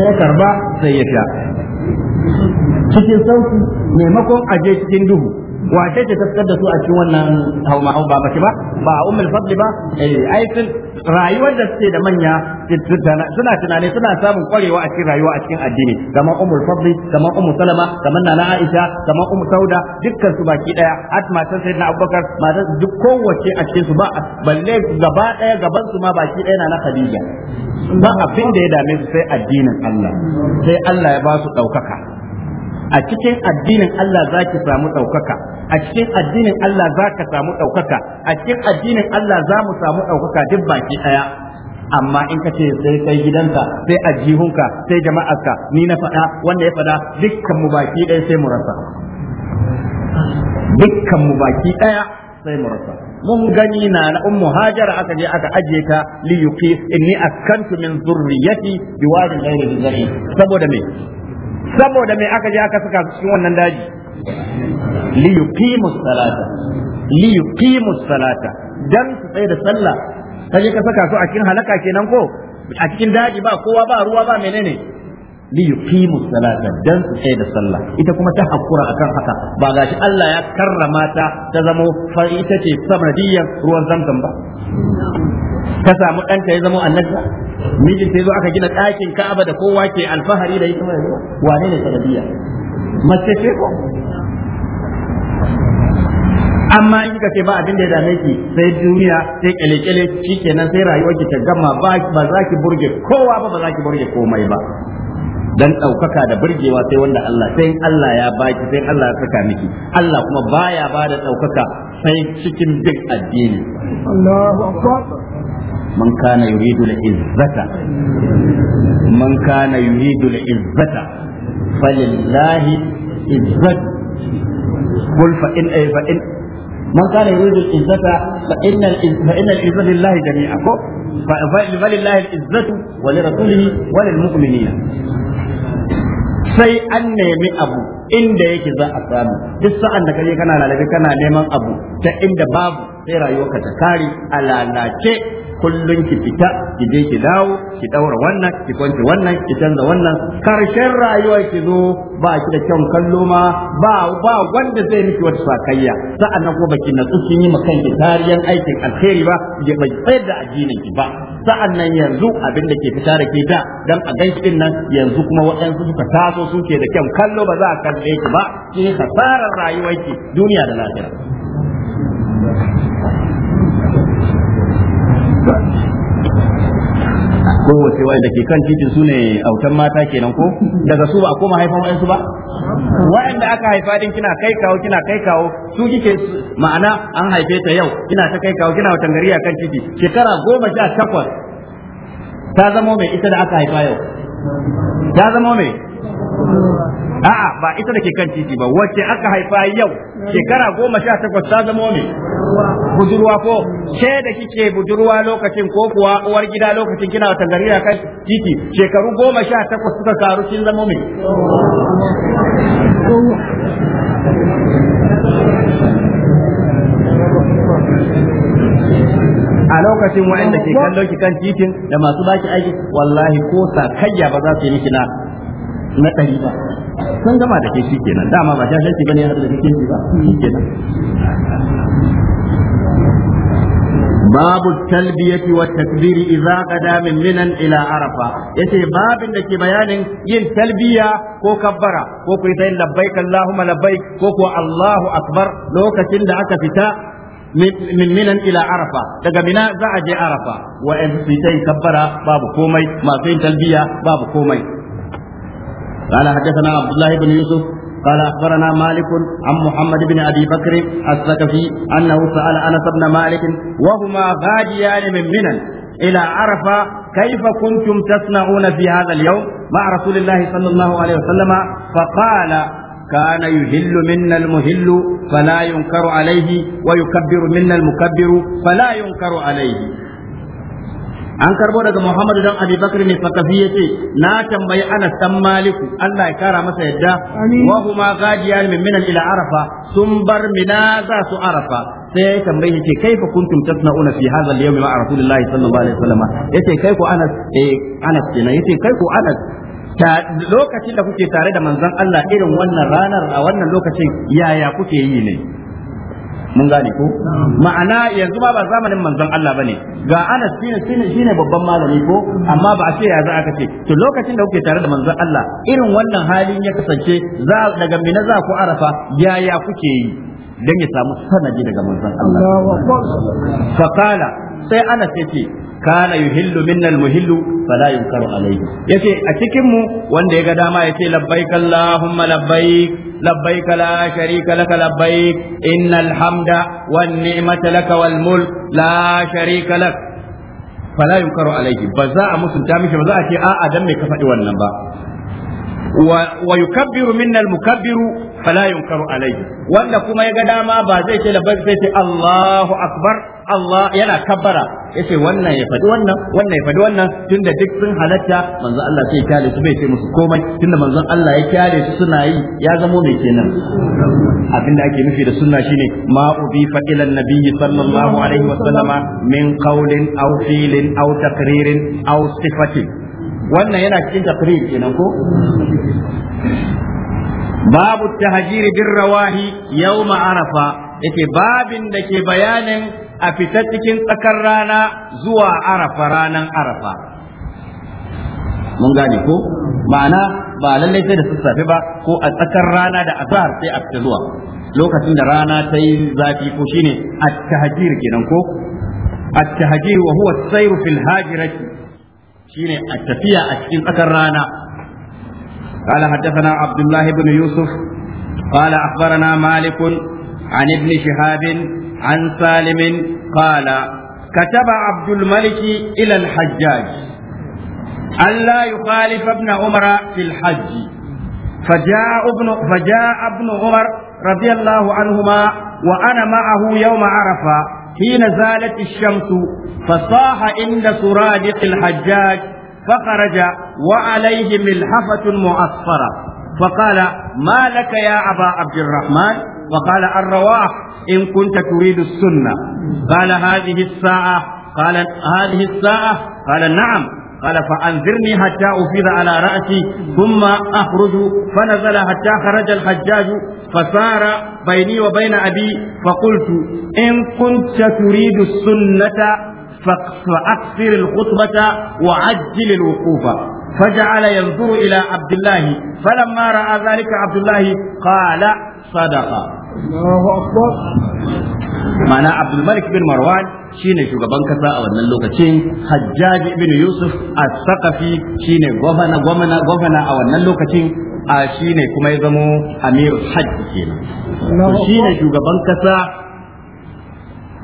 sai ya karba sai ya sha cikin sauki maimakon aje cikin duhu wace ce tafkar da su a cikin wannan hauma hauma ba ba ba umar fadli ba eh, ai sun rayuwar da suke da manya suna tunani suna samun kwarewa a cikin rayuwa a cikin addini kamar umar fadli kamar umar salama kamar nana aisha kamar umar sauda dukkan su baki daya at matan sayyidina abubakar matan duk kowace a cikin su ba balle gaba daya gaban su ma baki daya na khadija ba abin da ya dame su sai addinin Allah sai Allah ya ba su daukaka a cikin addinin Allah za ki samu ɗaukaka a cikin addinin Allah za ka samu ɗaukaka a cikin addinin Allah za mu samu ɗaukaka duk baki ɗaya amma in ka ce sai kai gidanka sai ajihunka sai jama'arka ni na faɗa wanda ya faɗa dukkan mu baki ɗaya sai mu rasa dukkan mu baki ɗaya sai mu rasa mun gani na na ummu hajara aka je aka ajiye ta li yuqi inni akantu min zurriyati biwadi ghairi zari saboda me saboda mai aka je aka saka su cikin wannan daji li yuqimu salata li yuqimu salata dan su tsaye da sallah kaje ka saka su a cikin halaka kenan ko a cikin daji ba kowa ba ruwa ba menene li yuqimu salata dan su tsaye da sallah ita kuma ta hakura akan haka ba ga shi Allah ya karrama ta ta zamo fa ita ce samadiyar ruwan zamzam ba ka samu ɗanta ya zamo annabi mijin sai zo aka gina ɗakin Ka'aba da kowa ke alfahari da ita wane ne sanadiyya mace ce ko amma in ka ce ba abin da ya dame ki sai duniya sai shi ke shikenan sai rayuwar ki ta gama ba za ki burge kowa ba ba za ki burge komai ba dan ɗaukaka da burgewa sai wanda Allah sai Allah ya baki sai Allah ya saka miki Allah kuma baya ba da ɗaukaka sai cikin duk addini Allahu akbar من كان يريد العزة من كان يريد العزة فلله عزة قل فإن أي فإن من كان يريد العزة فإن فإن العزة لله جميعا فلله العزة ولرسوله وللمؤمنين sai an nemi abu inda yake za a samu duk sa'an da kaje kana lalabe kana neman abu ta inda babu sai rayuwarka ta kare a lalace kullun ki fita ki je ki dawo ki daura wannan ki kwance wannan ki canza wannan karshen rayuwa ki zo ba ki da kyan kallo ma ba ba wanda zai miki wata sakayya sa'annan ko baki na kin yi ma ki tariyan aikin alheri ba je bai tsayar da addinin ki ba sa'annan yanzu abin da ke fita da ke da dan a ganshi din nan yanzu kuma waɗansu suka taso suke da kyan kallo ba za a kalle ki ba ki hasarar rayuwar ki duniya da lafiya kowace wanda ke kan titin su ne autan mata kenan ko daga su ba a koma haifan wa'ansu ba wayanda aka haifa din kina kai kawo kina kai kawo su kike ma'ana an haife ta yau kina ta kai kawo kina watan gari kan titi shekara goma sha takwas ta zama mai ita da aka haifa yau ya zama mai a'a ba ita da ke kan titi ba wacce aka haifa yau shekara goma sha takwas ta zama mai budurwa ko ke da kike budurwa lokacin ko kuwa uwar gida lokacin kina a kan titi shekaru goma sha takwas suka karu kin zama mai a lokacin wa'anda ke kallon ki kan titin da masu baki aiki wallahi ko sakayya ba za su yi miki na na ɗari ba sun gama da ke shi kenan dama ba shashanci bane ya da cikin ba shi kenan باب التلبية والتكبير إذا قدى من منى إلى عرفة يتي باب لك بيان ين تلبية ko كبرة كو كيتين لبيك اللهم ko كو Allahu أكبر lokacin da aka fita. min minan ila arafa daga mina za a je arafa wa su ta kabbara babu komai masu yin talbiya babu komai قال حدثنا عبد الله بن يوسف قال اخبرنا مالك عن محمد بن ابي بكر الثقفي انه سال انس بن مالك وهما غاديان من منن الى عرفه كيف كنتم تصنعون في هذا اليوم مع رسول الله صلى الله عليه وسلم فقال كان يهل منا المهل فلا ينكر عليه ويكبر منا المكبر فلا ينكر عليه an karbo daga Muhammad dan Abi Bakr ne fakafi yace na tambayi Anas dan Maliku Allah ya kara masa yadda wa huma gadiyan min minan ila Arafa sun bar mina za su Arafa sai ya tambayi yace kaifa kuntum tasna'una fi hadha al-yawm ma Rasulullahi sallallahu alaihi wasallam yace kai ku Anas eh Anas yace kai ku Anas lokacin da kuke tare da manzon Allah irin wannan ranar a wannan lokacin yaya kuke yi ne mun gane ko ma'ana yanzu ma ba zamanin manzon Allah bane ga Anas shine shine shine babban malami ko amma ba a ce ya za aka ce to lokacin da kuke tare da manzon Allah irin wannan halin ya kasance za daga mina za ku arafa yaya kuke yi dan ya samu sanadi daga manzon Allah fa sai anas yace kana yuhillu minnal muhillu fala yunkaru alayhi yace a cikin mu wanda ya ga dama yace labbaik allahumma labbaik labbaik la sharika laka labbaik innal hamda wan ni'mata laka wal mulk la sharika lak fala yunkaru alayhi ba za a mutunta miki ba za a ce a'a dan me ka faɗi wannan ba wa yukabbiru minnal mukabbiru fala yunkaru alayhi wanda kuma ya ga dama ba zai ce labbaik zai ce Allahu akbar Allah yana kabbara yace wannan ya faɗi wannan wannan ya faɗi wannan tunda duk sun halatta manzon Allah sai ya kyale su bai ce musu komai tunda manzon Allah ya kyale su suna yi ya zamo mai kenan abinda ake nufi da sunna shine ma udifa ila nabiy sallallahu alaihi wa sallama min qawlin aw filin aw taqririn aw sifatin wannan yana cikin tafri kenan ko babu tahajiri bir rawahi yawm arafa yake babin da ke bayanin a fita cikin tsakar rana zuwa arafa ranan arafa mun gane ko ma'ana ba lallai sai da sassafe ba ko a tsakar rana da azhar sai a fita zuwa lokacin da rana ta yi zafi ko shine at-tahjir kenan ko at-tahjir wa huwa as-sayr fil hajirati shine a tafiya a cikin tsakar rana قال حدثنا عبد الله بن يوسف قال أخبرنا مالك عن ابن شهاب عن سالم قال كتب عبد الملك إلى الحجاج ألا يخالف ابن عمر في الحج فجاء ابن فجاء ابن عمر رضي الله عنهما وأنا معه يوم عرفة حين زالت الشمس فصاح عند سرادق الحجاج فخرج وعليه ملحفة معصفرة فقال ما لك يا أبا عبد الرحمن وقال الرواح إن كنت تريد السنة قال هذه الساعة قال هذه الساعة قال نعم قال فأنذرني حتى أفيض على رأسي ثم أخرج فنزل حتى خرج الحجاج فسار بيني وبين أبي فقلت إن كنت تريد السنة فأكثر الخطبة وعجل الوقوف فجعل ينظر إلى عبد الله فلما رأى ذلك عبد الله قال صدق ma'ana abdulmalik bin marwan shine shugaban kasa a wannan lokacin hajjaji ibn yusuf as-saqafi shine gwamna gwamna gwamna a wannan lokacin a shine kuma ya zamo amir hajj kenan shine shugaban kasa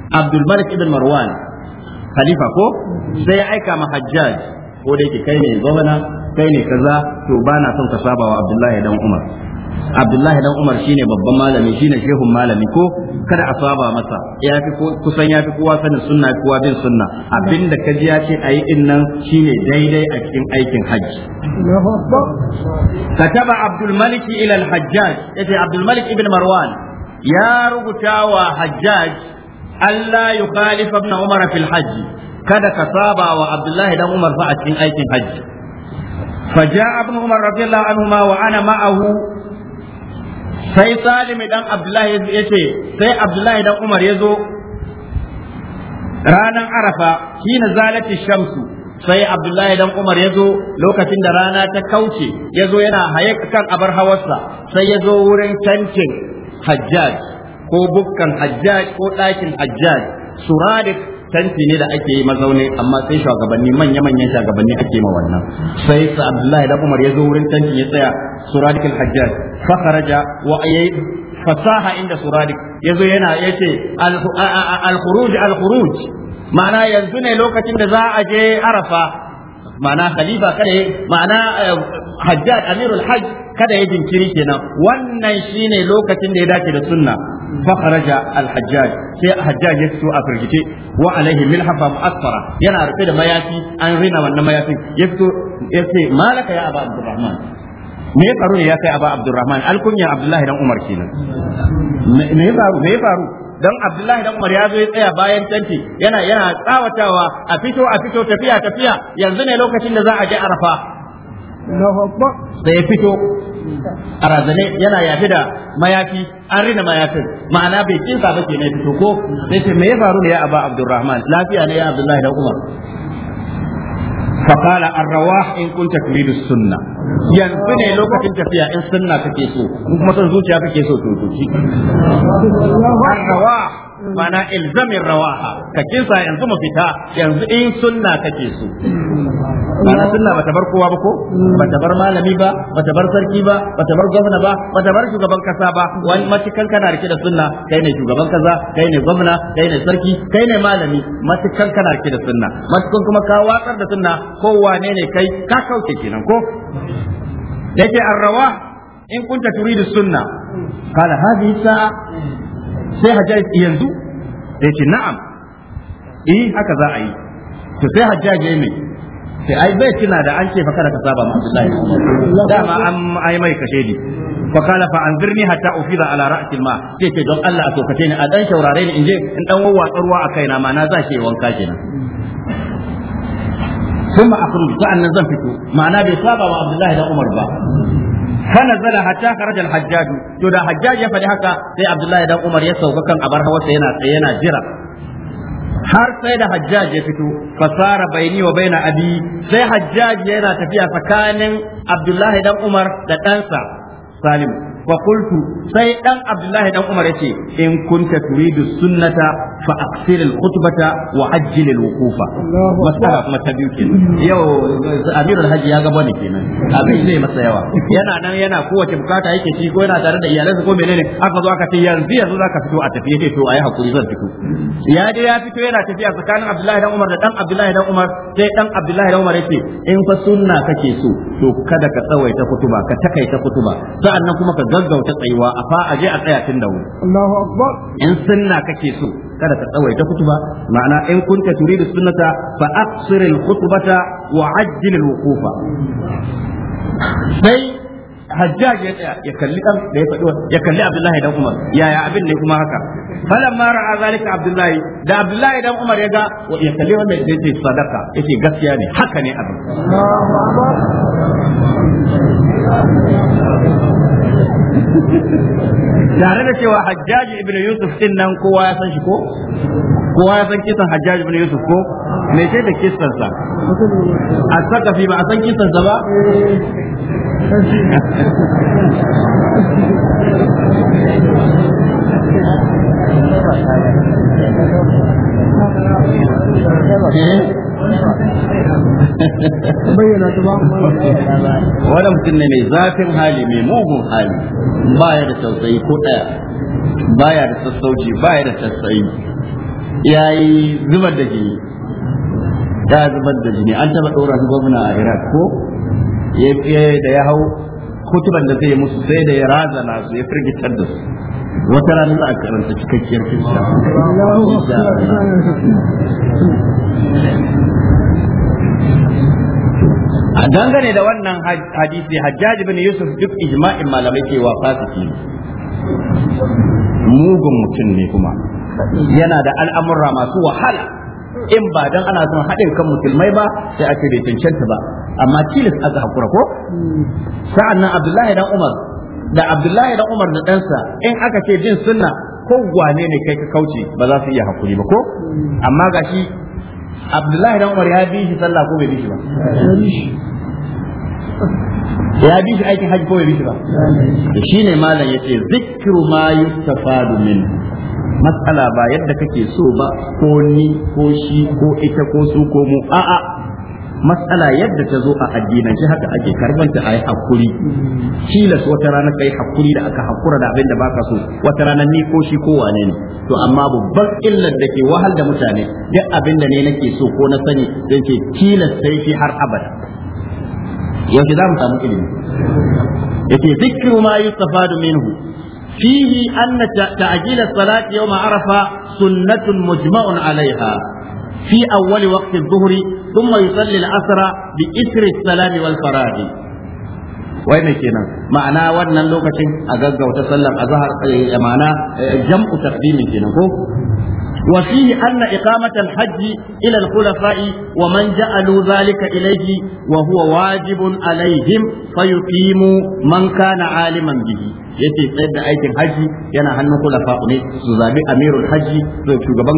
Abdul abdulmalik bin marwan khalifa ko sai ya aika ma hajjaj ko dai yake kai ne gwamna kai ne kaza to bana son ka saba wa abdullahi dan umar abdullahi dan umar shine babban malami shine shehun malami ko kada a saba masa ya fi kusan ya fi kowa sanin sunna kowa bin sunna abinda ka ji ya ce ayi din nan shine daidai a cikin aikin hajji kataba abdul malik ila al hajjaj yace abdul malik ibn marwan ya rubuta wa hajjaj Allah yukhalif ibn umar fil hajji kada ka saba wa abdullahi dan umar fa a cikin aikin hajji فجاء ابن عمر رضي الله عنهما وانا معه sai salimi dan abdullahi ya ce sai abdullahi dan umar ya zo ranar arafa shine zalati shamsu sai abdullahi dan umar ya zo lokacin da rana ta kauce ya zo yana haye kan abar hawarsa sai ya zo wurin tantin hajjaj ko bukkan hajjaj ko ɗakin hajjaj suradik tanti ne da ake yi mazaune amma sai shugabanni manya manyan shugabanni ake ma wannan sai sa Abdullahi da Umar ya zo wurin tanti ya tsaya Suradik al-Hajjaj fa kharaja wa ayi fasaha inda Suradik yazo yana yace al-khuruj al-khuruj ma'ana yanzu ne lokacin da za a je Arafa ma'ana khalifa kada ma'ana eh, hajjaj amirul hajj kada ya jinkiri kenan wannan shine lokacin da ya dace da sunna fa kharaja al hajjaj sai hajjaj ya fito a firgice wa alaihi milhafa mu'assara yana rufe da mayafi an rina wannan mayafin ya fito ya ce malaka ya aba abdurrahman me ya faru ne ya kai aba abdurrahman alkunya abdullahi dan umar kenan me ya faru me ya faru dan Abdullahi dan Umar ya zo ya tsaya bayan tanti yana yana tsawatawa a fito a fito tafiya tafiya yanzu ne lokacin da za a je Arafa sai ya fito a razane yana yafi da mayafi an rina mayafin ma'ana bai kinsa ba ke ne fito ko sai ce me ya faru ne ya aba abdurrahman lafiya ne ya abdullahi da umar فقال الرواح in كنت تريد sunna yanzu ne lokacin tafiya in sunna kake so kuma son zuciya kake so to to shi arrawa mana ilzamin rawaha ka kinsa yanzu mu fita yanzu in sunna kake so mana sunna bata bar kowa ba ko bata bar malami ba bata bar sarki ba bata bar gwamna ba bata bar shugaban kasa ba wani matikan kana rike da sunna kai ne shugaban kaza kai ne gwamna kai ne sarki kai ne malami matikan kana rike da sunna matikan kuma ka watsar da sunna ko wane ne kai ka kauce kenan ko yake arrawa in kunta turidu sunna قال هذه الساعة sai hajjaj yanzu ya ce na'am eh haka za a yi to sai hajjaj ya yi mai sai ai bai tuna da an ce fa kada ka saba ma Abdullahi dama an ai mai kashe ni fa kala fa anzirni hatta ufida ala ra'sil ma sai ce don Allah a tokace ni a dan shaurare ni inje in dan wawa ruwa a kaina ma na za shi wanka kenan ثم zan fito ma'ana bai saba wa Abdullahi da Umar ba. فنزل حتى خرج الحجاج تو ده حجاج يفدي هكا سي عبد الله بن عمر يا سوكا كان ابر هوا سي yana yana jira har sai da hajjaj ya fito fasara baini wa baina abi sai hajjaj yana tafiya tsakanin abdullahi dan umar da ɗansa salim fa qultu sai dan abdullahi dan umar yace in kunta turidu sunnata fa aqsir al khutbata wa ajjil al wuqufa masala kuma ta biyu kenan yau amir al hajji ya gaba ne kenan abin zai masa yawa yana nan yana kowace bukata yake ci ko yana tare da iyalansa ko menene aka zo aka ce yanzu yanzu zaka fito a tafiye ke to ayi hakuri zan fito ya je ya fito yana tafiya tsakanin abdullahi dan umar da dan abdullahi dan umar sai dan abdullahi dan umar yace in fa sunna kake so to kada ka tsawaita kutuba ka takaita kutuba sa'annan kuma ka gaggauta tsayuwa a fa aje a tsaya tun da wuri Allahu akbar in sunna kake so kada ka tsawaita kutuba ma'ana in kunta turidu sunnata fa aqsiril khutbata wa ajjil al wuqufa sai hajjaj ya tsaya ya kalli dan da ya faɗi ya kalli abdullahi dan umar yaya abin ne kuma haka ma ra'a zalika abdullahi da abdullahi dan umar ya ga wa ya kalli wannan da yake sadaka yake gaskiya ne haka ne abin tare da cewa hajjaji ibn yusuf din nan kowa ya san shi ko kowa ya san kisan hajjaji ibn yusuf ko me sai da kisan sa a saka fi ba a san kisan sa ba eh. bayyana ta ba wani mutum ne mai zafin hali mai mugun hali baya da tausayi ko daya baya da sassauci baya da tausayi yayi zubar da jini ya zubar da jini an taba dora gwamna a Iraq ko ya da ya hau kutuban da zai musu sai da ya raza nasu ya firgitar da su wata rana za a karanta cikakkiyar kisa dangane da wannan hadisi hajjaji bin yusuf duk ijma'in malamai wa fasiki mugun mutum ne kuma yana da al'amurra masu wahala in ba don ana son haɗin kan musulmai ba sai ake bai cancanta ba amma tilas aka hakura ko sa'an nan abdullahi dan umar da abdullahi dan umar da ɗansa in aka ce jin sunna ko wane ne kai ka kauce ba za su iya hakuri ba ko amma gashi abdullahi dan umar ya bi shi sallah ko bai bi shi ba ya bi shi aikin haji ko bai bi shi ba Shi ne malam yace zikru ma yustafadu min matsala ba yadda kake so ba ko ni ko shi ko ita ko su ko mu a'a matsala yadda ta zo a shi haka ake karbanta a yi hakuri tilas wata rana kai hakuri da aka hakura da abin da baka so wata rana ni ko shi ko wane ne to amma babban illar da ke wahal da mutane duk abin da ne nake so ko na sani zan ce tilas sai shi har abada yaushe za mu samu ilimi yake zikru ma yustafadu minhu fihi anna ta'jil as-salati yawm arafa sunnatun mujma'un alaiha في أول وقت الظهر ثم يصلي العصر بإسر السلام والفراغ wai mai kenan ma'ana wannan lokacin a gaggauta sallar azhar ma'ana jam'u kenan ko وفيه أن إقامة Hajji إلى الخلفاء ومن جعلوا ذلك إليه وهو واجب عليهم فيقيموا من كان عالما به yace aikin haji yana hannun kulafa ne su amirul haji zai shugaban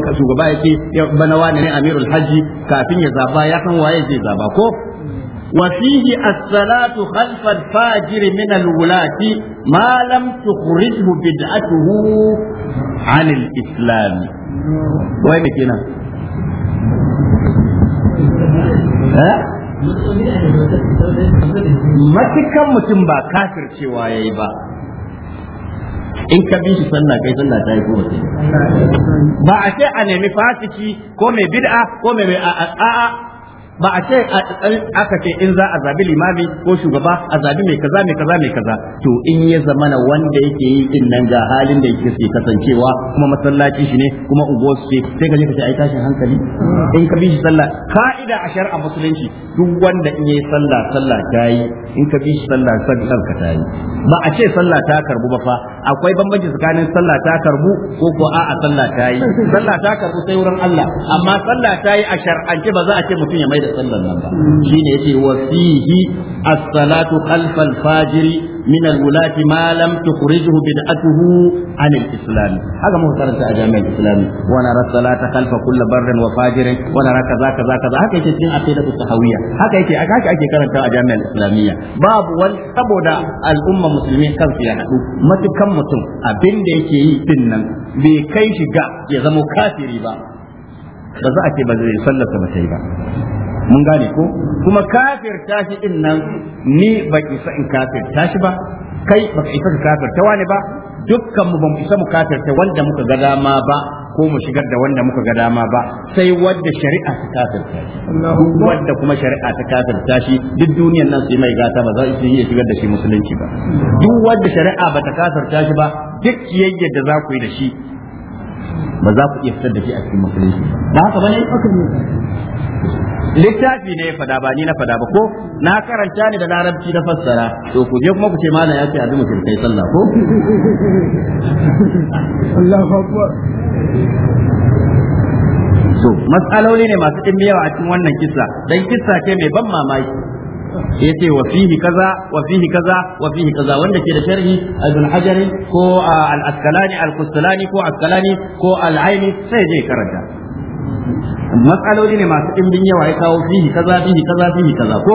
yake bana wani ne amirul haji kafin ya zaba ya san waye zai zaba ko wa fihi as-salatu khalfa al-fajir min al-wulati malam lam tukhrijhu bid'atuhu 'an al-islam wai me kenan eh? matukan mutum ba kafir cewa ya yi ba in ka bi shi sanna kai sallah ta yi ko ba a ce a nemi fasiki ko mai bid'a ko mai a'a ba a ce aka ce in za a zabi limami ko shugaba a zabi mai kaza mai kaza mai kaza to in ya zamana wanda yake yi din nan ga halin da yake kasancewa kuma masallaci shi ne kuma ugo ce sai ka je ka ce ai tashin hankali in ka bi shi sallah ka'ida a shar'a musulunci duk wanda in yayi sallah sallah yi, in ka bi shi sallah sai ka yi. ba a ce sallah ta karbu ba fa akwai bambanci tsakanin sallah ta karbu ko ko a'a sallah yi. sallah ta karbu sai wurin Allah amma sallah ta yi a shar'ance ba za a ce mutum ya mai da sallar nan ba shine yace wa fihi as-salatu khalfa al-fajiri min al-wulati ma lam tukhrijuhu bid'atuhu an al-islam haka mun karanta a jami'ar islami wa nara salata khalfa kulli barrin wa fajirin wa nara kaza kaza kaza haka yake cikin aqidatu tahawiyya haka yake haka ake karanta a jami'ar islamiyya babu wani saboda al'umma musulmi kansu ya haɗu matukan mutum abin da yake yi din nan bai kai shiga ya zama kafiri ba ba za a ce ba zai sallar sallarsa ba sai ba mun gane ko kuma kafir tashi din nan ni ba sa in kafir tashi ba kai ba ka isa ka ta wani ba dukkan mu ban mu isa mu ta wanda muka ga dama ba ko mu shigar da wanda muka ga dama ba sai wanda shari'a ta shi wadda kuma shari'a ta kafirta shi duk duniyar nan sai mai gata ba za su iya shigar da shi musulunci ba duk wanda shari'a ba ta kafirta shi ba duk kiyayyar da za ku yi da shi ba za ku iya fitar da shi a cikin musulunci ba haka bane littafi ne fada ba ni na fada ba ko na karanta ne da larabci na fassara to ku je kuma ku ce malam ya ce abin mutum kai sallah ko Allahu akbar so matsaloli ne masu dimbiyawa a cikin wannan kissa dan kissa ce mai ban mamaki yace wa fihi kaza wa fihi kaza wa fihi kaza wanda ke da sharhi ibn hajarin ko al-askalani al-kustalani ko askalani ko al-aini sai je karanta matsaloli ne masu ɗimbin yawa ya kawo fihi kaza fihi kaza fihi kaza ko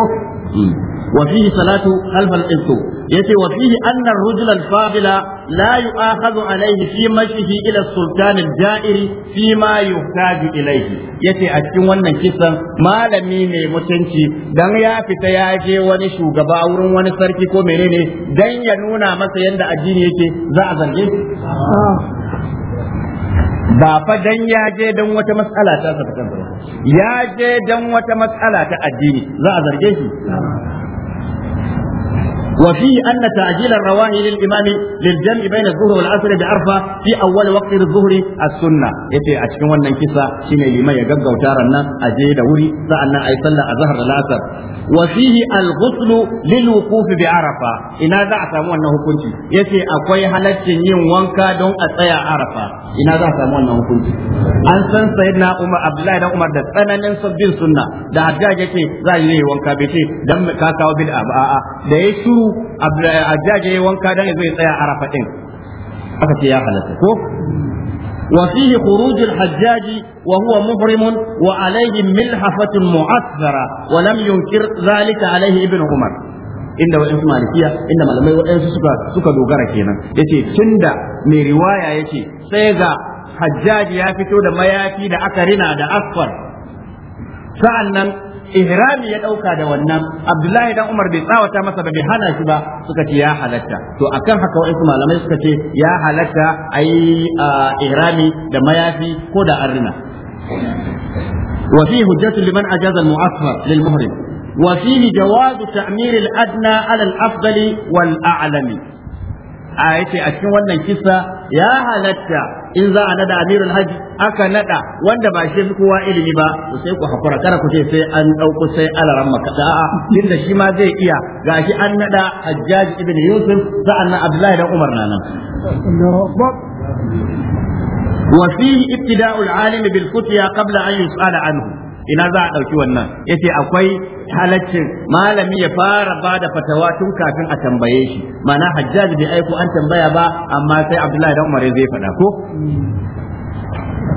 وفيه صلاة خلف القبط يتي وفيه أن الرجل الفاضل لا يؤاخذ عليه في مشيه إلى السلطان الجائر فيما يحتاج إليه يتي أتكين وانا كسا ما لميني متنشي دان يا فتياجي wani shugaba a wurin wani sarki ko menene dan ya nuna masa yadda addini yake za a zarge ba fa dan ya je dan wata matsala ta sa ya je dan wata matsala ta addini za a zarge shi وفيه أن تعجيل الرواهي للإمام للجمع بين الظهر والعصر بعرفة في أول وقت الظهر السنة يتي أشكي وانا انكسا شين لما يقبق وتارنا أجيد وري سألنا أي صلى الظهر العصر وفيه الغسل للوقوف بعرفة إن ذا أسامو أنه كنت يتي أقوي حلت yin wanka don a tsaya arafa ina za a samu wannan hukunci an san sayyidina umar abdullahi dan umar da tsananin sabbin sunna da hajjaj yake za yi wanka bai ce dan ka kawo bid'a ba a'a da ya shiru Abdullahi eh, ya wanka dan ya zo ya tsaya Arafa din aka ce ya halatta ko وفيه خروج الحجاج وهو محرم وعليه ملحفة معثرة ولم ينكر ذلك عليه ابن عمر inda wa'insu su malikiya inda malamai wa'insu suka suka dogara kenan yace tunda mai riwaya yace sai ga hajjaji ya fito da mayafi da aka rina da asfar sa'annan ihrami ya dauka da wannan abdullahi dan umar bai tsawata masa ba bai hana shi ba suka ce ya halatta to akan haka wasu malamai suka ce ya halatta ayi ihrami da mayafi ko da arna وفيه حجة لمن أجاز المعصر للمهرم وفيه جواز تعمير الأدنى على الأفضل والأعلم a yace a cikin wannan kisa ya halatta in za a nada amirul aka nada wanda ba shi fi kowa ilimi ba to sai ku hakura kada ku ce sai an dauko sai alaran makada a inda shi ma zai iya gashi an nada Hajjaj ibn Yusuf sa'annan Abdullahi dan Umar nan وفيه ابتداء bil kutya qabla an yus'ala anhu ina za a ɗauki wannan yace akwai halaccin malami ya fara ba da fatawa tun kafin a tambaye shi mana hajjaj bai aiko an tambaya ba amma sai abdullahi dan umar zai faɗa ko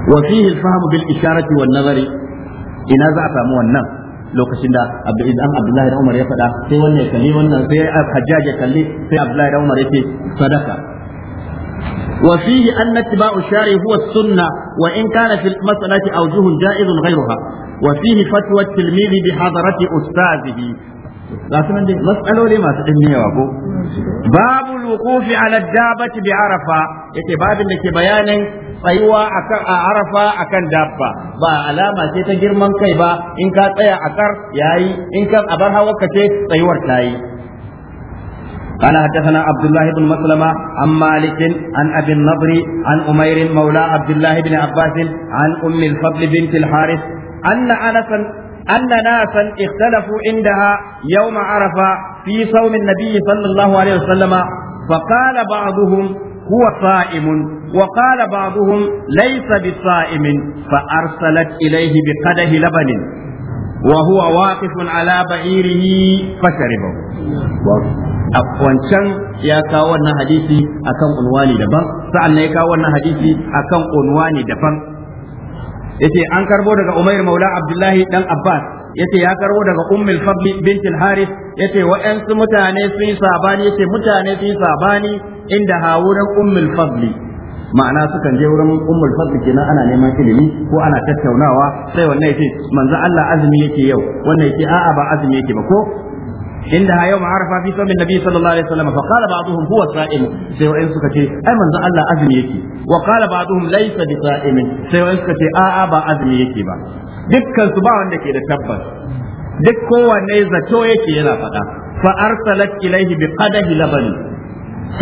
wa fihi al-fahm bil isharati wan ina za a samu wannan lokacin da an Abdullahi da Umar ya faɗa sai wannan ya kalli wannan sai Hajjaj ya kalli sai Abdullahi da Umar yake sadaka wa fihi anna tiba'u shari huwa sunna wa in kana fil mas'alati awjuhun ja'izun ghayruha wa fihi fatwa tilmidhi bi hadarati ustazihi ga su masu ɗin ko babu bi arafa yake babin da ke bayanin tsayuwa akan a arafa akan dabba ba alama ce ta girman kai ba in ka tsaya a kar yayi in ka abar hawa ka ce tsayuwar tayi قال حدثنا عبد الله بن مسلمة عن مالك عن أبي النضر عن أمير مولى عبد الله بن عباس عن أم الفضل بنت الحارث أن أنسا أن ناسا اختلفوا عندها يوم عرفة في صوم النبي صلى الله عليه وسلم فقال بعضهم huwa sa'imun wa qala ba'dhum laysa bisa'imin fa arsalat ilayhi biqadahi labanin wa huwa waqifun ala ba'irihi fasharibahu wancan ya kawo wannan hadisi akan unwani daban sa'an ya kawo wannan hadisi akan unwani daban yace an karɓo daga Umair Maula Abdullahi ɗan Abbas yace ya karbo daga ummul fadli bint al-harith yace wa'ansu mutane sun yi sabani yace mutane sun yi sabani inda hawuran ummul fadli ma'ana sukan je wurin ummul fadl kenan ana neman ilimi ko ana tattaunawa sai wannan yace manzo Allah azumi yake yau wannan yace a'a ba azumi yake ba ko inda ha yau ma'arafa fi sabin sallallahu alaihi wasallam fa qala ba'dhum huwa sa'im sai wa'in suka ce ai manzo Allah azumi yake wa qala ba'dhum laysa bi sa'im sai wa'in a'a ba azumi yake ba dukkan su ba wanda ke da tabbas duk kowanne zato yake yana faɗa fa arsalat ilaihi bi qadahi labani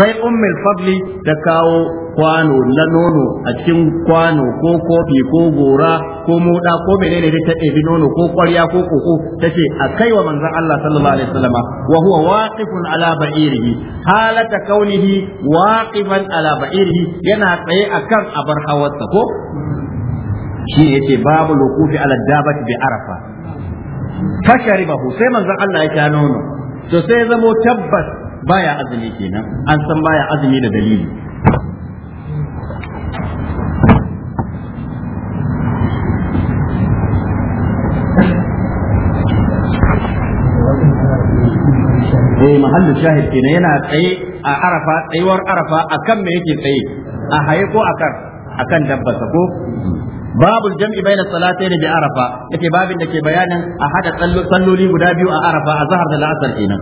sai ummul fadli da kawo kwano na nono a cikin kwano ko kofi ko gora ko moda ko menene da ta ɗebi nono ko ƙwarya ko koko ta ce a kai wa manzon Allah sallallahu alaihi wasallama wa huwa waqifun ala ba'irihi halata kaunihi waqifan ala ba'irihi yana tsaye akan abar hawarsa ko shi ne yace babu lukufi ala dabati bi arafa fasharibahu sai manzon Allah ya sha nono to sai ya zamo tabbas baya azumi kenan an san baya azumi da dalili eh mahallu shahid kenan yana tsaye a arafa tsayuwar arafa akan me yake tsaye a haye ko akan akan dabbasa ko babu jam'i bai da salatai da arafa yake babin ke bayanin a hada salloli guda biyu a arafa a zahar da la'asar kenan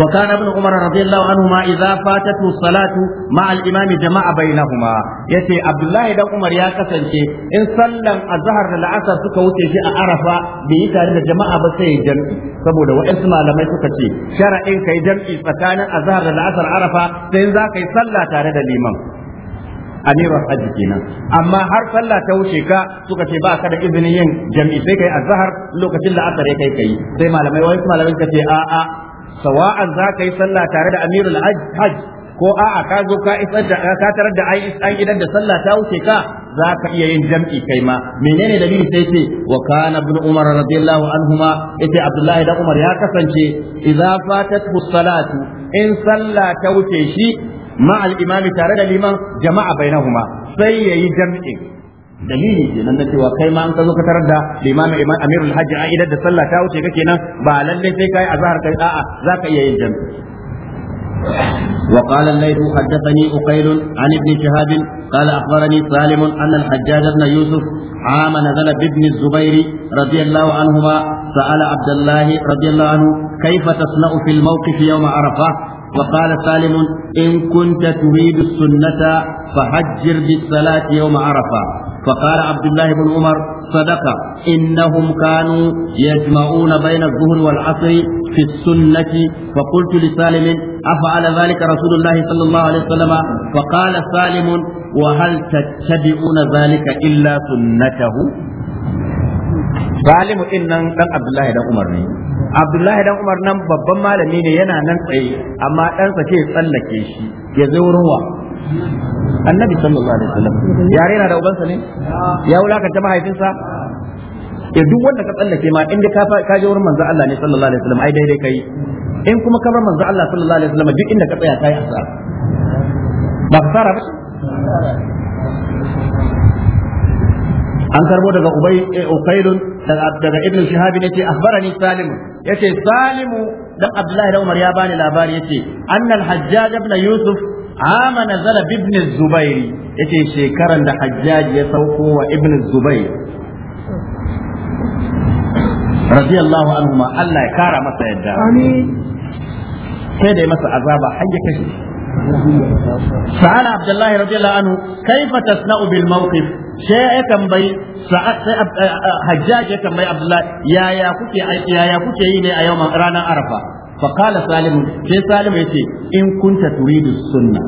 wa kana ibn umar radiyallahu anhu ma idza fatatu salatu ma al imam jama'a bainahuma yace abdullahi dan umar ya kasance in sallar a'zahar da la'asar suka wuce shi arafa bai yi tare da jama'a ba sai jam'i saboda waɗansu malamai suka ce shara'in kai jam'i tsakanin a'zahar da la'asar arafa sai za ka yi sallah tare da liman amirul hajji kenan amma har sallah ta wuce ka suka ce ba ka da izinin yin jami'i sai kai azhar lokacin da asar kai kai sai malamai wai malamai ka ce a a sawa'an za ka yi sallah tare da amirul hajji ko a'a ka zo ka isar da ka tarar da an idan da sallah ta wuce ka za ka iya yin jam'i kai ma menene dalili sai ce wa kana ibn umar radiyallahu anhuma yace abdullahi da umar ya kasance idza fatat salatu in sallah ta wuce shi ma al-imami tare da liman jama'a bainahuma sai yayi jam'i dalili kenan na cewa kai ma an ka ka tarar da limamin imam amirul hajji a idan da sallah ta wuce ka kenan ba lallai sai kai azhar kai a'a ka iya yin jam'i وقال الليث حدثني أقيل عن ابن شهاب قال أخبرني سالم أن الحجاج بن يوسف عام نزل بابن الزبير رضي الله عنهما سأل عبد الله رضي الله عنه كيف تصنع في الموقف يوم عرفة وقال سالم إن كنت تريد السنة فحجر بالصلاة يوم عرفة فقال عبد الله بن عمر صدق إنهم كانوا يجمعون بين الظهر والعصر في السنة فقلت لسالم أفعل ذلك رسول الله صلى الله عليه وسلم فقال سالم وهل تتبعون ذلك إلا سنته سالم إن عبد الله بن عمر abdullahi dan umar nan babban malami ne yana nan tsaye amma ɗansa ce tsallake shi ya wurin wa? annabi sallallahu alaihi wasallam yare na da ubansa ne ya wulakanta mahaifinsa ya duk wanda ka tsallake ma inda ka ka je wurin manzo Allah ne sallallahu alaihi wasallam ai daidai kai in kuma ka bar manzo Allah sallallahu alaihi wasallam duk inda ka tsaya kai asara ba ka tsara ba an karbo daga ubay eh, ukaidun daga daga ibn shihab yace akhbarani salim yace salim dan abdullahi da umar ya bani labari yace annal hajjaj ibn yusuf ama nazala bi ibn zubair yace shekaran da hajjaj ya sauko wa ibn zubair radiyallahu anhu ma Allah ya kara masa yadda sai da masa azaba kashe سأل عبد الله رضي الله عنه كيف تصنع بالموقف sai ya tambayi eh, eh, eh, hajjaj ya tambayi abdullahi yaya kuke yaya kuke yi ne a yau ranar arafa fa qala salim sai salim yace in kunta turidu sunna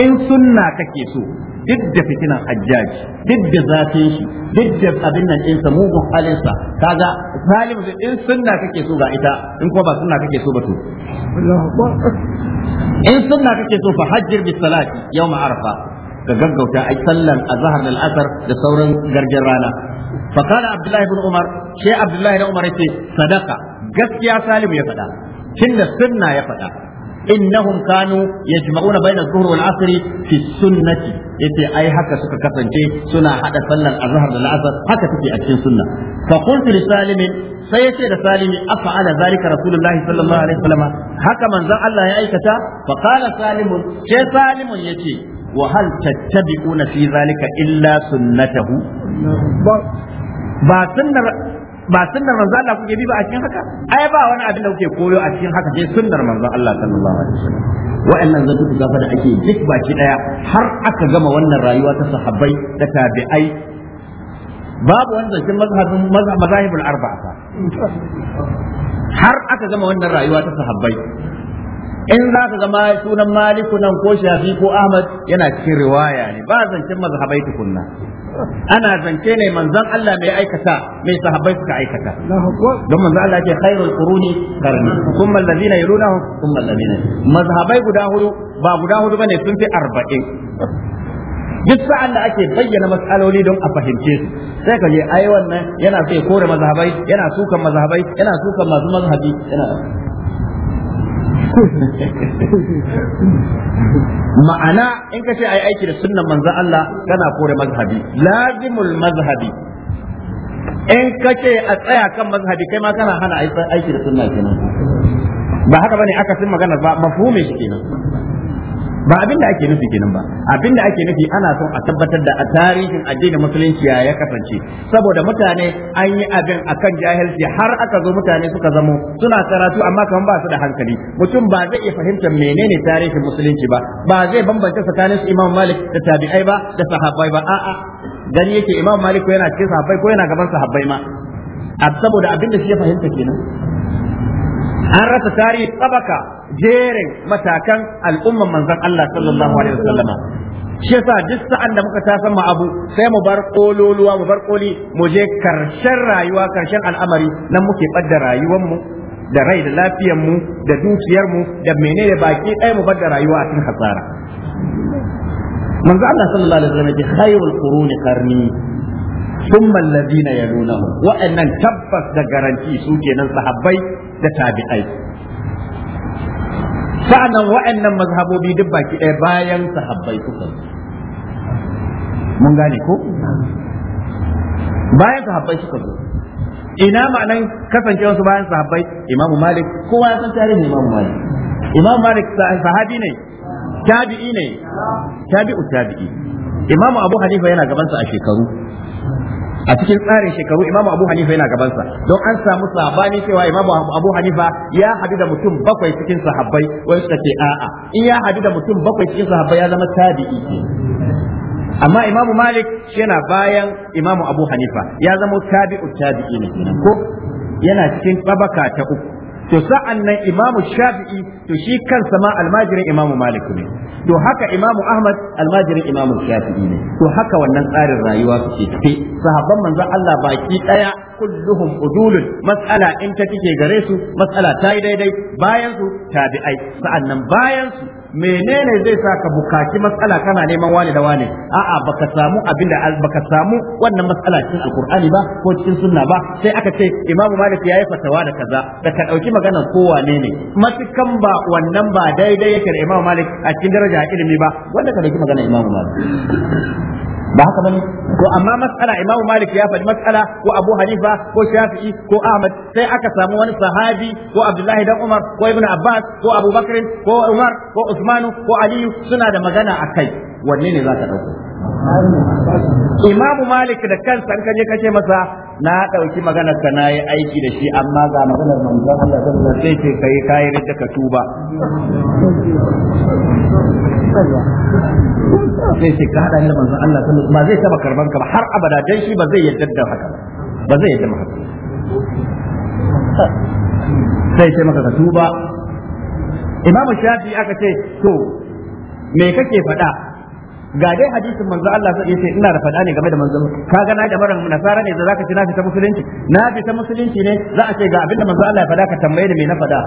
in sunna kake so duk da fitinan hajjaj duk da zafin shi duk da abin nan ɗinsa mugun halinsa kaga salim in sunna kake so ga ita in kuma ba sunna kake so ba to in sunna kake so fa hajjir bis salati yawm arafa ka gaggauta ai sallan zahar da al'asar da sauran garjin rana fa abdullahi bin umar sai abdullahi ibn umar yace sadaka gaskiya salim ya faɗa tunda sunna ya faɗa innahum kanu yajma'una bayna adh-dhuhr wal 'asr fi sunnati yace ai haka suka kasance suna hada sallan azhar da al'asar haka take a cikin sunna fa qultu li salim sai yace da salimi afa'ala zalika rasulullahi sallallahu alaihi wasallam haka manzon Allah ya aikata fa qala salimun sai salimun yace wa hal tattabi'una fi zalika illa sunnatahu ba sunnar ba sunnar manzo Allah kuke bi ba a cikin haka ai ba wani abin da kuke koyo a cikin haka sai sunnar manzo Allah sallallahu alaihi wasallam wa'annan zatu gafa da ake duk baki daya har aka gama wannan rayuwa ta sahabbai da tabi'ai babu wanda cikin mazhabin mazhabul arba'a har aka gama wannan rayuwa ta sahabbai in za ka zama sunan maliku nan ko shafi ko ahmad yana cikin riwaya ne ba zancen mazhabai tukunna ana zance ne manzon Allah mai aikata mai sahabbai suka aikata don manzon Allah ke khairul quruni qarni kuma allazina yalunahum kuma allazina mazhabai guda hudu ba guda hudu bane sun fi 40 duk sa'an da ake bayyana matsaloli don a fahimce su sai ka je ai wannan yana sai kore mazhabai yana sukan mazhabai yana sukan masu mazhabi yana ma'ana in ka ce ai aiki da sunnan manzon Allah kana kore mazhabi lazimul mazhabi in ka ce a tsaya kan mazhabi kai ma kana hana aiki da sunna kenan ba haka bane aka sun magana ba mafhumin shi kenan ba abin da ake nufi kenan ba abin da ake nufi ana son a tabbatar da a tarihin addinin musulunci ya ya kasance saboda mutane an yi abin akan jahilci har aka zo mutane suka zamo suna karatu amma kaman ba su da hankali mutum ba zai iya fahimtar menene tarihin musulunci ba ba zai bambance tsakanin su Imam Malik da tabi'ai ba da sahabbai ba a'a gani yake Imam Malik ko yana cikin sahabbai ko yana gaban sahabbai ma saboda abin da shi ya fahimta kenan an rasa tarihi tsabaka jerin matakan al'umman manzon Allah sallallahu alaihi wasallam shi yasa duk sa'an da muka ta san abu sai mu bar kololuwa mu bar koli mu je karshen rayuwa karshen al'amari nan muke ɓadda rayuwar mu da rai da lafiyar mu da dukiyar mu da menene baki ɗaya mu ɓadda rayuwa a cikin hasara manzo Allah sallallahu alaihi wasallam ya ce khairul quruni qarni thumma alladhina yalunahu wa'annan tabbas da garanti su kenan sahabbai da tabi'ai Sa'an wa'annan mazhabobi duk baki ɗaya bayan sahabbai suka mun gane ko bayan sahabbai suka zo ina ma'anan kasancewar wasu bayan sahabbai imamu malik kowa ya san tarihin imamu malik imamu malik sahabi ne tabi'i ne tabi'u tabi'i imamu abu hanifa yana gabansa a shekaru a cikin tsarin shekaru imamu abu hanifa yana gabansa don an samu sabani cewa imamu abu hanifa ya hadu da mutum bakwai cikin sahabbai wani suka ce a'a in ya hadu da mutum bakwai cikin sahabbai ya zama tabi'i amma imamu malik yana bayan imamu abu hanifa ya zama tabi'u tabi'i ne ko yana cikin babaka ta uku to sa'an nan imamu shafi'i to shi kansa ma almajirin imamu malik ne to haka imamu ahmad almajirin imamu shafi'i ne to haka wannan tsarin rayuwa suke tafi sahabban manzon Allah baki daya kulluhum udulun mas'ala in ta kike gare su mas'ala ta yi daidai bayan su tabi'ai sa'an nan bayan su menene zai sa ka bukaci matsala kana neman wani da wani a'a baka samu abin da baka samu wannan matsala cikin alkur'ani ba ko cikin sunna ba sai aka ce imamu malik yayi fatawa da kaza da ka dauki maganar kowane ne matukan ba wannan ba daidai yake da imamu malik a cikin daraja ilimi ba wanda ka dauki magana imamu malik ba haka bane to amma mas'ala Imam Malik ya faɗi mas'ala ko Abu Hanifa ko Shafi'i ko Ahmad sai aka samu wani sahabi ko Abdullahi dan Umar ko Ibn Abbas ko Abubakar, ko Umar ko Usmanu ko Aliyu suna da magana akai wanne ne za ka dauko Imam Malik da kansa kan ka kace masa na ɗauki maganar ka na yi aiki da shi amma ga maganar manzon Allah sallallahu alaihi wasallam sai kai kai da ka tuba sai ce ka hada da manzon Allah sallallahu alaihi zai taba karban ka ba har abada dan shi ba zai yadda da haka ba zai yadda haka sai sai maka ka tuba Imam Shafi aka ce to me kake faɗa ga dai hadisin manzo Allah sai yace ina da fada ne game da manzo kaga na jama'ar nasara ne da zaka ci na fita musulunci na fita musulunci ne za a ce ga abinda manzo Allah ya fada ka tambaye da me na fada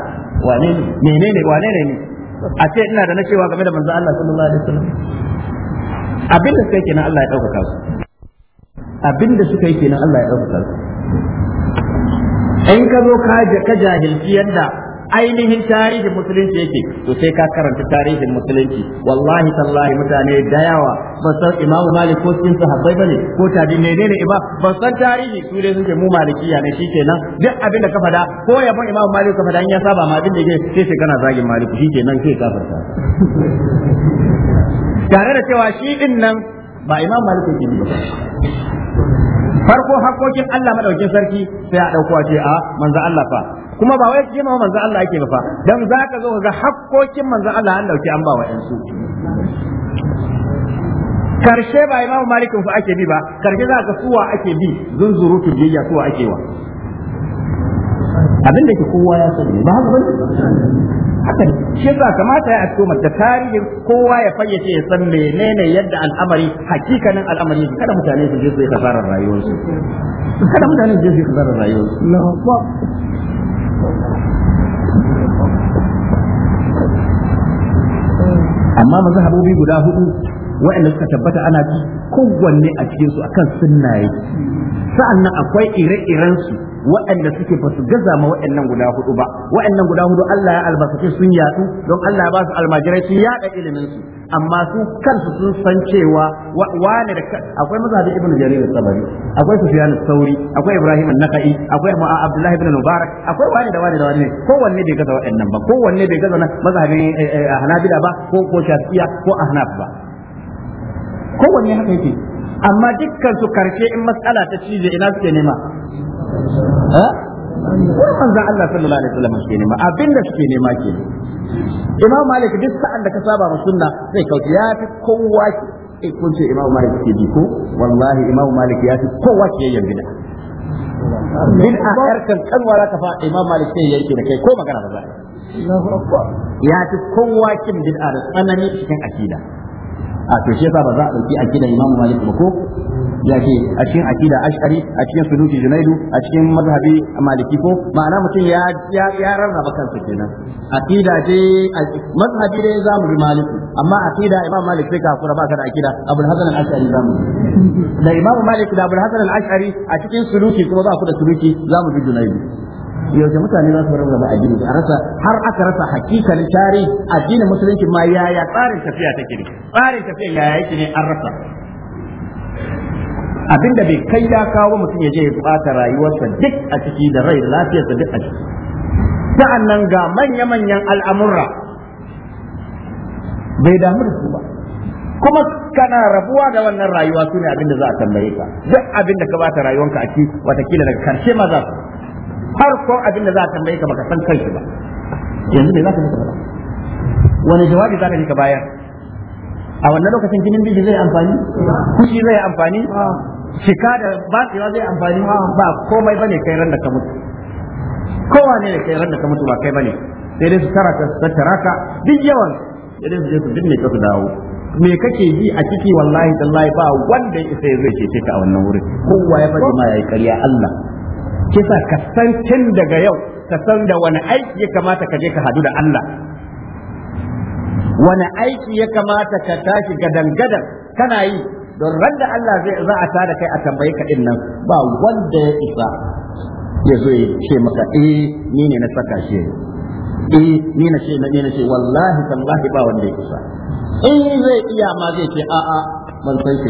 wane ne menene wane ne ni a ce ina da na cewa game da manzo Allah sallallahu alaihi wasallam abinda suka yi kenan Allah ya dauka su abinda suka yi kenan Allah ya dauka su in ka zo ka jahilci yanda ainihin tarihin musulunci yake to sai ka karanta tarihin musulunci wallahi tallahi mutane da yawa ba san imamu malik ko cikin sahabbai bane ko tabi menene ba ba san tarihi su dai suke mu malikiya ne shikenan duk abin da ka fada ko ban imamu malik ka fada in ya saba ma abin da yake sai sai kana zagin malik shikenan sai fada tare da cewa shi din nan ba imam malik yake ba farko hakokin Allah madaukin sarki sai a dauko a ce a ah, manzo Allah fa kuma ba wai ma manzo Allah yake nufa dan zaka zo ga hakkokin manzo Allah an dauki an ba wa su karshe ba imam malik fa ake bi ba karshe za ka suwa ake bi tu biyayya suwa ake wa abin da ke kowa ya sani ba haka bane haka ne shi yasa kamata ya asko mata tarihin kowa ya fayyace ya san menene yadda al'amari hakikanin al'amari yake kada mutane su je su yi kasarar rayuwarsu kada mutane su je su yi kasarar rayuwarsu amma mazhabobi guda hudu waɗanda suka tabbata ana kowanne a cikin su akan sunna yake sa'annan akwai ire-iren su waɗanda suke ba su gaza ma waɗannan guda hudu ba waɗannan guda hudu Allah ya albarkace sun yadu don Allah ya ba su almajirai sun yada ilimin su amma su kansu sun san cewa wane da akwai mazhabin ibn jarir sabari akwai sufyan sauri akwai ibrahim an-naqi akwai abdullah ibn mubarak akwai wani da wani da wani kowanne bai gaza waɗannan ba kowanne bai gaza mazhabin eh, eh, eh, hanabila ba ko ko shafiya ko ahnaf ba kowanne haka yake amma dukkan su karshe in matsala ta cije ina suke nema ha ko manzon Allah sallallahu alaihi wasallam shi ne ma abinda suke nema ke Imam Malik duk sa'an da ka saba ma sunna zai kauce ya fi kowa ki eh, kun ce Imam Malik ke ji ko wallahi Imam Malik ya fi kowa ke yayin bid'a a yar kan kanwara ka fa Imam Malik sai yake da kai ko magana ba za ya fi kowa kin bid'a da tsanani cikin akida a to shi yasa ba za a dauki akida Imam Malik ba ko ya ce a cikin akida Ash'ari a cikin suluki Junaidu a cikin mazhabi Maliki ko ma'ana mutum ya ya ya rarraba kansa kenan akida ce mazhabi dai za mu bi Maliki amma akida Imam Malik sai ka hakura ba ka da akida Abul Hasan al-Ash'ari za mu da Imam Malik da Abul Hasan al-Ash'ari a cikin suluki kuma ba ku da Sunuki za mu bi Junaidu Yauce mutane za su bar gaba addini a rasa har aka rasa hakikalin tarihi addinin musulunci ma yaya tsarin tafiya ta ne tsarin tafiya yaya yake ne an rasa abinda bai kai ya kawo mutum ya je ya bata rayuwarsa duk a ciki da rai da lafiyarsa duk a ciki nan ga manya-manyan al'amurra bai damu da su ba kuma kana rabuwa da wannan rayuwa su ne abinda za a tambaye ka duk abinda ka bata rayuwanka a ciki watakila daga karshe ma za su farkon abin da za a tambaye ka baka san kai ba yanzu me za ka ba. wani jawabi za ka yi ka bayar a wannan lokacin jinin biji zai amfani kushi zai amfani shika da batsewa zai amfani ba komai bane kai ran da ka mutu kowa ne da kai ran da ka mutu ba kai bane sai dai su tara ka su tara ka duk yawan sai dai su je su binne ka su dawo me kake ji a ciki wallahi tallahi ba wanda ya isa zai ce ka a wannan wurin kowa ya faɗi ma yayi ƙarya Allah kisa ka san tun daga yau ka san da wani aiki ya kamata ka je ka hadu da Allah wani aiki ya kamata ka tashi gadan-gadan kana yi don ran da Allah zai za a tada kai a tambaye ka din nan ba wanda ya isa ya zo ya ce maka eh ni ne na saka shi eh ni na ce na ne na ce wallahi tallahi ba wanda ya isa in zai iya ma zai ce a'a من سيف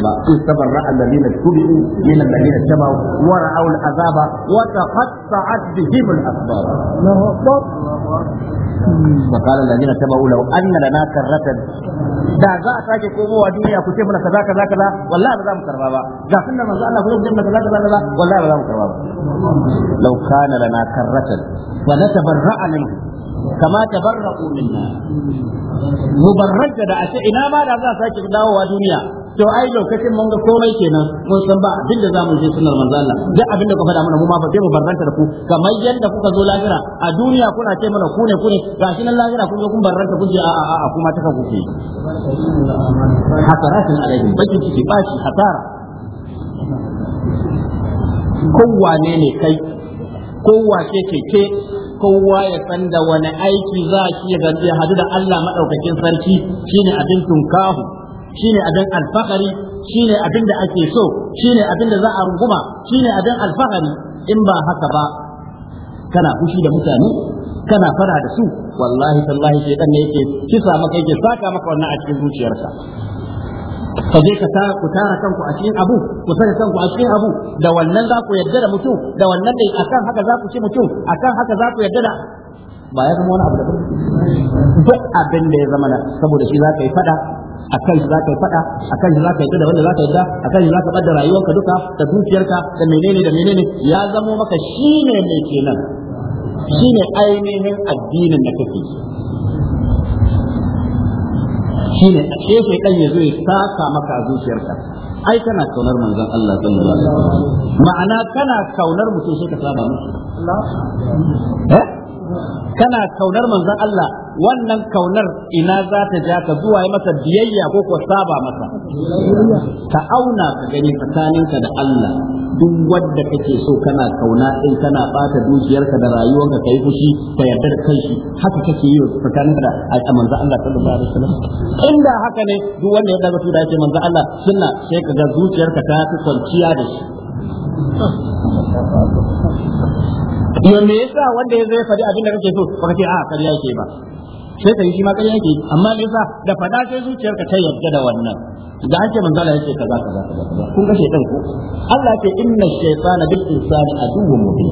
ما رأى الذين اتبعوا من الذين اتبعوا ورأوا العذاب وتقطعت بهم الأخبار فقال الذين اتبعوا لو أن لنا كرة دا ذا ساك ودنيا كتبنا كذا كذا كذا والله لا دام كربابا دا زالنا كتب جمنا كذا كذا كذا والله لا دام لو كان لنا كرة فنتبرأ منه كما تبرأوا منا مبرجة دا أشياء إنا ما دا ذا ساك ودنيا to ai lokacin mun ga komai kenan mun san ba abin da zamu je sunnar manzo Allah duk abin da ku faɗa mana mu ma fa sai mu barranta da ku kamar yanda kuka zo lahira a duniya kuna ce mana ku ne ku ne gashi nan lahira kun zo kun barranta kun ce a a a kuma taka kuke hasaratin alaihim bakin ciki bashi hasara kowa ne kai kowa ke keke kowa ya san da wani aiki za shi ya hadu da Allah madaukakin sarki shine abin tunkahu shine abin alfahari shine abin da ake so shine abin da za a runguma shine abin alfahari in ba haka ba kana fushi da mutane kana fara da su wallahi tallahi shedan ne yake kisa maka yake saka maka wannan a cikin zuciyarsa ka je ka tara ku tara kanku a cikin abu ku saka kanku a cikin abu da wannan za ku yarda da mutum da wannan dai akan haka za ku ci mutum akan haka za ku yarda da ba ya zama wani abu da duk abin da ya zama na saboda shi za ka yi fada a kan shi za ka yi faɗa a kan shi za ka yi da wanda za ka yi da a kan shi za ka ɓadda rayuwarka duka da dukiyarka da menene da menene ya zamo maka shi ne mai kenan shi ne ainihin addinin da kake shi ne a ce shi kan ya ya saka maka a zuciyarka ai kana kaunar manzon Allah sallallahu alaihi wasallam ma'ana kana kaunar mutum sai ka saba musu eh kana kaunar manzon Allah wannan kaunar ina za ta ja ka zuwa yi masa biyayya ko ko saba masa ka auna ka gani tsakaninka da Allah duk wanda kake so kana kauna in kana bata dukiyarka da rayuwarka kai fushi ka yarda da kai haka kake yi tsakaninka da manzon Allah sallallahu alaihi wasallam inda haka ne duk wanda ya daga tuda yake manzon Allah sunna sai ka ga zuciyarka ta fi kwanciya da shi yo me yasa wanda ya zai faɗi abin da kake so baka kace a ah, ƙarya yake ba sai ka yi shi ma ƙarya yake amma me yasa da faɗa sai zuciyarka ta yarda da wannan da ake manzala yake kaza kaza kaza kaza kun kashe ɗan ko Allah ce inna shaytana bil insani aduwwun mubin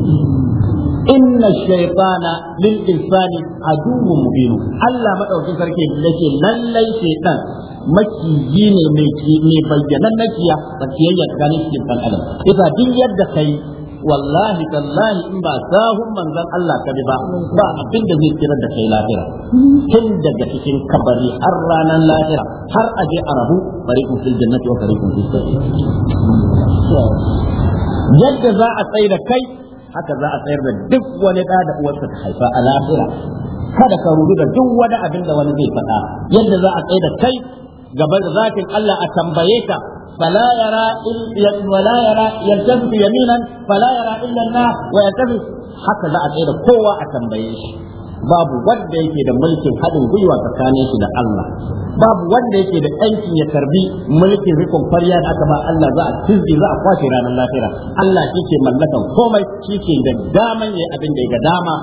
inna shaytana lil insani aduwwun mubin Allah madaukin sarki yake lallai shaytan maciji ne mai bayyana nakiya ba kiyayya tsakanin cikin kan adam yasa din yadda kai wallahi tallahi in ba sahun manzan Allah ka bi ba ba abin da zai kira da kai lafira tun daga cikin kabari har ranar lafira har a aje arabu fariqun fil jannati wa fariqun fis sa'ir yadda za a tsaya da kai haka za a tsayar da duk wani da da uwarsa ta haifa a lafira kada ka rudu da duk wani abin da wani zai faɗa yadda za a tsaya da kai gaban zakin Allah a tambaye ka فلا يرى ولا يرى يلتفت يمينا فلا يرى الا النار ويلتفت حتى لا اتي da kowa a tambaye shi babu wanda yake da mulkin haɗin gwiwa tsakanin shi da Allah babu wanda yake da yankin ya karbi mulkin rikon farya da aka ba Allah za a tizdi za a kwace ranar lafiya Allah shi ke mallakan komai shi ke da daman yayi abinda ya ga dama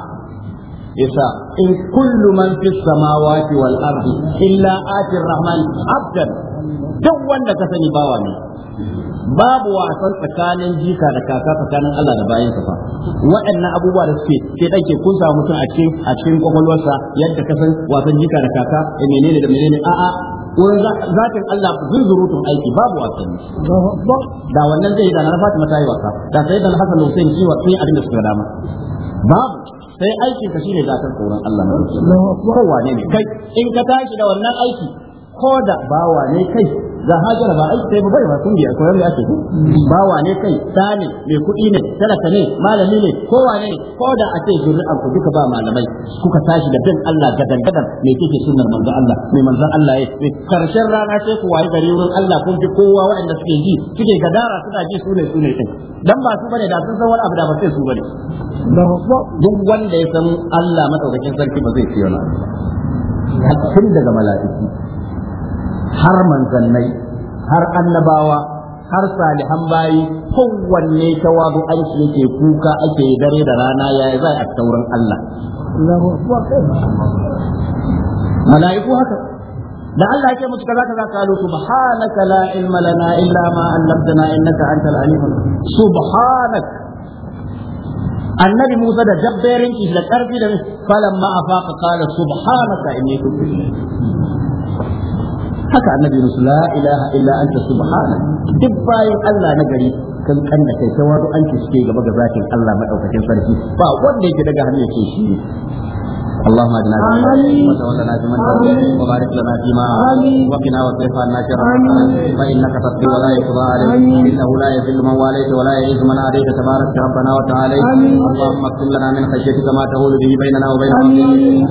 yasa in kulluman man fis samawati wal ardi rahman abdan duk wanda ka sani bawa ne babu wasan tsakanin jika da kaka tsakanin Allah da bayan fa waɗannan abubuwa da suke ke ke kun samu mutum a cikin a cikin kwakwalwarsa yadda ka san wasan jika da kaka e menene da menene a'a wurin zatin Allah zurzurutun aiki babu wasanni da wannan zai da na Fatima ta yi wasa da sai da Hassan Hussein shi wa sai abin da suka dama babu sai aikin ka shine zatin tsoron Allah na kowa ne kai in ka tashi da wannan aiki ko da wa ne kai a hajjara ba aiki sai bai ba sun biya koyar da ake wa ne kai da ne mai kuɗi ne talaka ne malami ne kowa ne ko da a ce zuri'an ku duka ba malamai kuka tashi da bin Allah gadan gadan me kike sunnar manzo Allah me manzo Allah ya karshen rana sai ku wayi gari wurin Allah kun ji kowa waɗanda suke ji suke gadara suna ji sune sune su don kai dan ba su bane da sun san wani abu da ba sai su bane duk wanda ya san Allah madaukakin sarki ba zai ciyo na tun daga mala'iki har manzannai har annabawa har salihan bayi kowanne tawadu an shi yake kuka ake dare da rana yaya zai a sauran Allah mala'iku haka da Allah yake musu kaza kaza kalu subhanaka la ilma lana illa ma 'allamtana innaka antal alim subhanak annabi Musa da jabberin da karfi da falamma afaqa qala subhanaka inni kuntu haka annabi Yunus la ilaha illa anta subhanak duk bayan Allah na gari kan kanna kai wato an ci suke gaba ga zakin Allah madaukakin sarki ba wanda yake daga hannu yake shi اللهم اجعلنا وتولنا بمن وبارك لنا فيما وقنا واصرف عنا شر فانك تقضي ولا يقضى عليك انه لا يذل من واليت ولا يعز من عليك تبارك ربنا وتعالى اللهم اقسم لنا من خشيتك ما تهول به بيننا وبين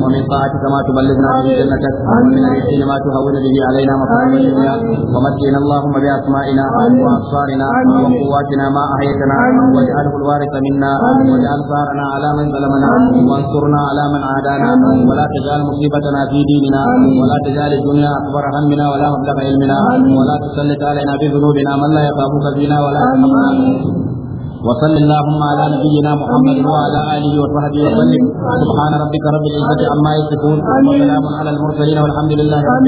ومن طاعتك ما تبلغنا به جنتك ومن اليقين ما تهون به علينا مصائب الدنيا ومتعنا اللهم باسمائنا وابصارنا وقواتنا ما احيتنا واجعله الوارث منا واجعل ثارنا على من ظلمنا وانصرنا على من عادانا أولانا ولا تجعل مصيبتنا في ديننا ولا تجعل الدنيا أكبر همنا ولا مبلغ علمنا ولا تسلط علينا بذنوبنا من لا يخافك فينا ولا يرحمنا وصل اللهم على نبينا محمد وعلى اله وصحبه وسلم سبحان ربك رب العزه عما يصفون وسلام على المرسلين والحمد لله رب